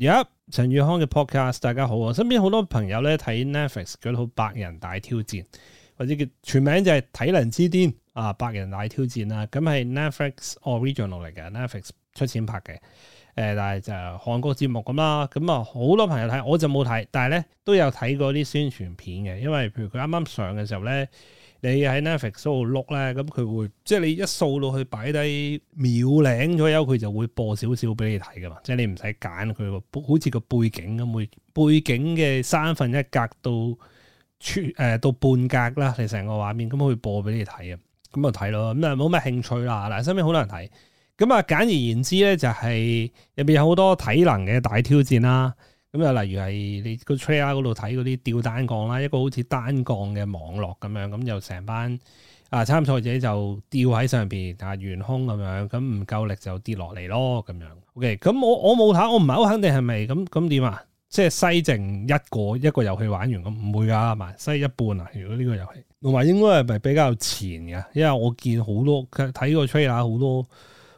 而家、yeah, 陳宇康嘅 podcast，大家好。我身邊好多朋友咧睇 Netflix 嗰套《百人大挑戰》，或者叫全名就係《體能之巔》啊，《百人大挑戰》啦、啊，咁係 Netflix original 嚟嘅，Netflix 出錢拍嘅。誒、啊，但係就係韓國節目咁啦。咁啊，好多朋友睇，我就冇睇，但係咧都有睇過啲宣傳片嘅，因為譬如佢啱啱上嘅時候咧。你喺 Netflix 度碌咧，咁佢會即係你一掃到去擺低秒鐘左右，佢就會播少少俾你睇噶嘛，即係你唔使揀佢，好似個背景咁，會背景嘅三分一格到全，呃、到半格啦，你成個畫面咁會播俾你睇嘅，咁就睇咯，咁就冇咩興趣啦。嗱，身邊好多人睇，咁啊簡而言之咧，就是，就係入面有好多體能嘅大挑戰啦。咁又例如係你個 trailer 嗰度睇嗰啲吊單槓啦，一個好似單槓嘅網絡咁樣，咁就成班啊參賽者就吊喺上邊，但、啊、懸空咁樣，咁唔夠力就跌落嚟咯咁樣。OK，咁我我冇睇，我唔係好肯定係咪咁咁點啊？即係西剩一個一個遊戲玩完咁唔會㗎係咪？西一半啊？如果呢個遊戲同埋應該係咪比較前嘅？因為我見好多睇個 trailer 好多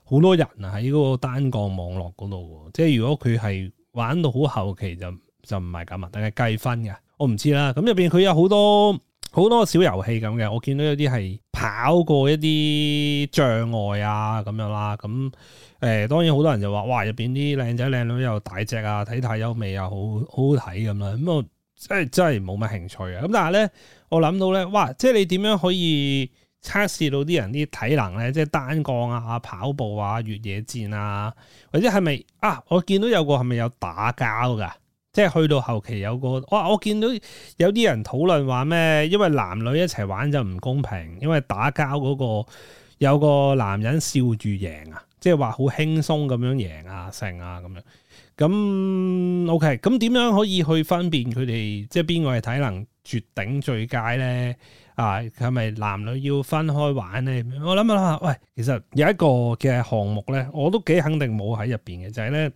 好多人啊喺嗰個單槓網絡嗰度喎，即係如果佢係。玩到好後期就就唔係咁啊，等佢計分嘅，我唔知啦。咁入邊佢有好多好多小遊戲咁嘅，我見到有啲係跑過一啲障礙啊咁樣啦。咁、嗯、誒、欸、當然好多人就話哇入邊啲靚仔靚女又大隻啊，體態優美又、啊、好好睇咁啦。咁我即係真係冇乜興趣啊。咁但係咧，我諗到咧，哇！即係你點樣可以？測試到啲人啲體能咧，即係單槓啊、跑步啊、越野戰啊，或者係咪啊？我見到有個係咪有打交㗎？即係去到後期有個哇、啊！我見到有啲人討論話咩？因為男女一齊玩就唔公平，因為打交嗰、嗰個有個男人笑住贏啊，即係話好輕鬆咁樣贏啊勝啊咁樣。咁 OK，咁點樣可以去分辨佢哋即係邊個係體能？絕頂最佳咧啊，係咪男女要分開玩呢？我諗下諗下，喂，其實有一個嘅項目咧，我都幾肯定冇喺入邊嘅，就係咧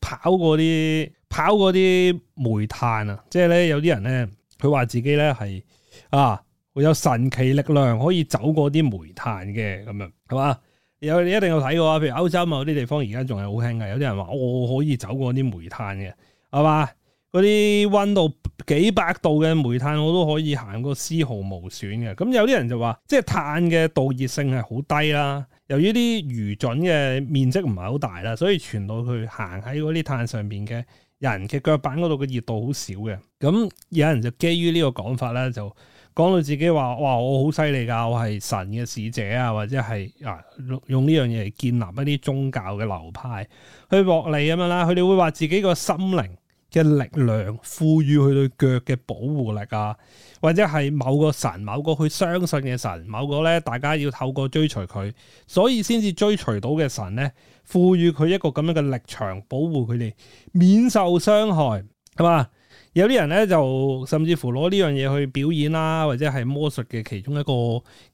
跑嗰啲跑啲煤炭啊！即係咧有啲人咧，佢話自己咧係啊，會有神奇力量可以走過啲煤炭嘅咁樣，係嘛？有，你一定有睇過啊，譬如歐洲啊某啲地方，而家仲係好興㗎。有啲人話我可以走過啲煤炭嘅，係嘛？嗰啲温度幾百度嘅煤炭，我都可以行過絲毫無損嘅。咁有啲人就話，即係炭嘅導熱性係好低啦。由於啲餘燼嘅面積唔係好大啦，所以傳到去行喺嗰啲炭上邊嘅人嘅腳板嗰度嘅熱度好少嘅。咁有人就基於呢個講法咧，就講到自己話：哇！我好犀利㗎，我係神嘅使者啊，或者係啊用呢樣嘢嚟建立一啲宗教嘅流派去獲利咁樣啦。佢哋會話自己個心靈。嘅力量，賦予佢對腳嘅保護力啊，或者係某個神、某個去相信嘅神、某個咧，大家要透過追隨佢，所以先至追隨到嘅神咧，賦予佢一個咁樣嘅力場，保護佢哋免受傷害，係嘛？有啲人咧就甚至乎攞呢樣嘢去表演啦，或者係魔術嘅其中一個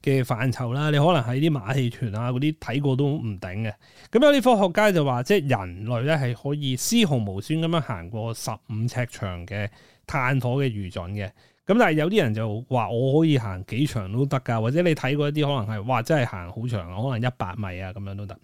嘅範疇啦。你可能喺啲馬戲團啊嗰啲睇過都唔頂嘅。咁有啲科學家就話，即係人類咧係可以絲毫無損咁樣行過十五尺長嘅炭火嘅餘燼。嘅。咁但係有啲人就話我可以行幾長都得噶，或者你睇過一啲可能係哇真係行好長，可能一百米啊咁樣都得。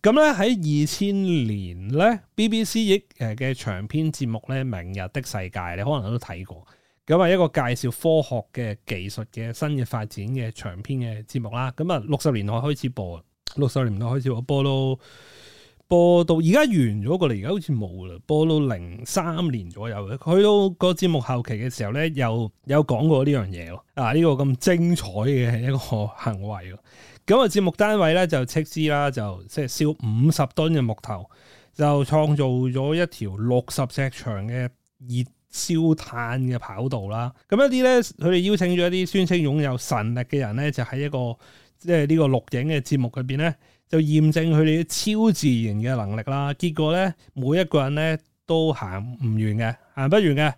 咁咧喺二千年咧，BBC 誒嘅長篇節目咧《明日的世界》，你可能都睇過。咁啊，一個介紹科學嘅技術嘅新嘅發展嘅長篇嘅節目啦。咁、嗯、啊，六十年代開始播，六十年代開始我播到。播到而家完咗過嚟，而家好似冇啦。播到零三年左右，佢到個節目後期嘅時候咧，又有講過呢樣嘢咯。啊，呢、呢個咁精彩嘅一個行為咯。咁啊，節目單位咧就斥資啦，就即係燒五十噸嘅木頭，就創造咗一條六十尺長嘅熱燒炭嘅跑道啦，咁一啲咧，佢哋邀請咗一啲宣稱擁有神力嘅人咧，就喺一個即係呢個錄影嘅節目入邊咧，就驗證佢哋嘅超自然嘅能力啦。結果咧，每一個人咧都行唔完嘅，行不完嘅。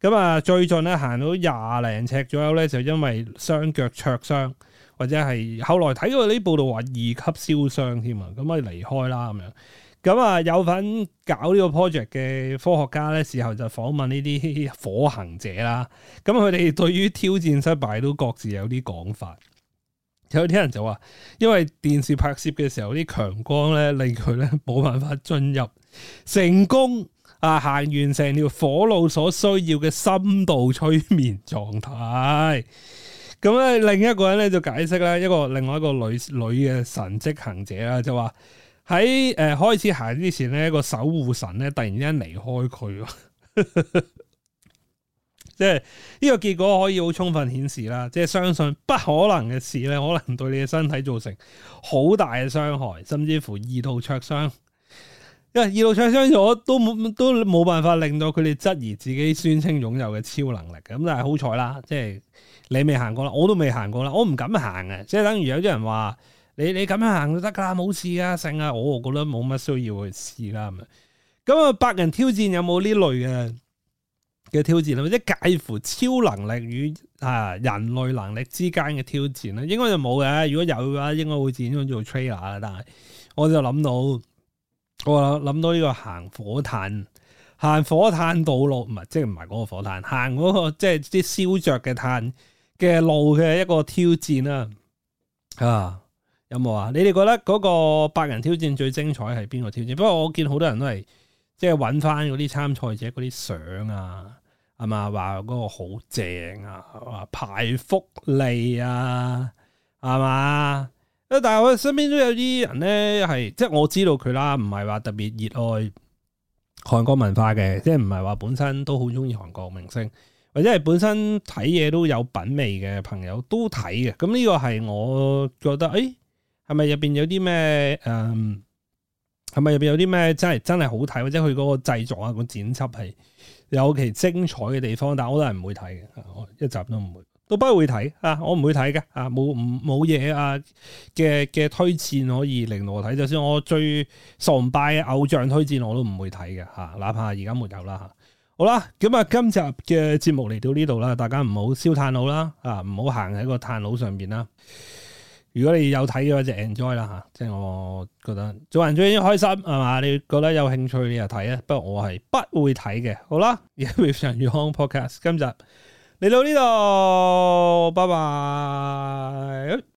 咁啊，最近咧行到廿零尺左右咧，就因為雙腳灼傷或者係後來睇過呢啲報道話二級燒傷添啊，咁啊離開啦咁樣。咁啊、嗯，有份搞呢個 project 嘅科學家咧，事後就訪問呢啲火行者啦。咁佢哋對於挑戰失敗都各自有啲講法。有啲人就話，因為電視拍攝嘅時候啲強光咧令佢咧冇辦法進入成功啊行完成條火路所需要嘅深度催眠狀態。咁、嗯、咧，另一個人咧就解釋啦，一個另外一個女女嘅神蹟行者啦，就話。喺誒開始行之前咧，個守護神咧突然之間離開佢，即係呢個結果可以好充分顯示啦。即係相信不可能嘅事咧，可能對你嘅身體造成好大嘅傷害，甚至乎二度灼傷。因為二度灼傷咗都冇都冇辦法令到佢哋質疑自己宣稱擁有嘅超能力嘅。咁但係好彩啦，即係你未行過啦，我都未行過啦，我唔敢行嘅。即係等於有啲人話。你你咁樣行就得噶，冇事噶，剩啊，我我覺得冇乜需要去試啦咁啊。咁啊，百人挑戰有冇呢類嘅嘅挑戰咧？或者介乎超能力與啊人類能力之間嘅挑戰咧？應該就冇嘅。如果有嘅話，應該會剪咗做 trailer 啦。但係我就諗到我諗到呢個行火炭行火炭道路，唔係即係唔係嗰個火炭行嗰個即係啲燒着嘅炭嘅路嘅一個挑戰啦啊！有冇啊？你哋覺得嗰個百人挑戰最精彩係邊個挑戰？不過我見好多人都係即係搵翻嗰啲參賽者嗰啲相啊，係嘛，話嗰個好正啊係嘛，排福利啊，係嘛？但係我身邊都有啲人咧，係即係我知道佢啦，唔係話特別熱愛韓國文化嘅，即係唔係話本身都好中意韓國明星，或者係本身睇嘢，都有品味嘅朋友都睇嘅。咁呢個係我覺得誒。哎係咪入邊有啲咩？誒、嗯，係咪入邊有啲咩真係真係好睇，或者佢嗰個製作啊，個剪輯係有其精彩嘅地方？但係我都係唔會睇嘅，一集都唔會，都不會睇啊！我唔會睇嘅啊，冇冇嘢啊嘅嘅推薦可以令我睇，就算我最崇拜嘅偶像推薦我都唔會睇嘅吓，哪怕而家沒有啦吓、啊。好啦，咁啊，今集嘅節目嚟到呢度啦，大家唔好燒炭佬啦，啊，唔好行喺個炭佬上邊啦。如果你有睇嘅話就 enjoy 啦嚇，即係我覺得做人最緊要開心係嘛？你覺得有興趣你就睇啊，不過我係不會睇嘅。好啦，而家 with 人康 podcast 今集嚟到呢度，拜拜。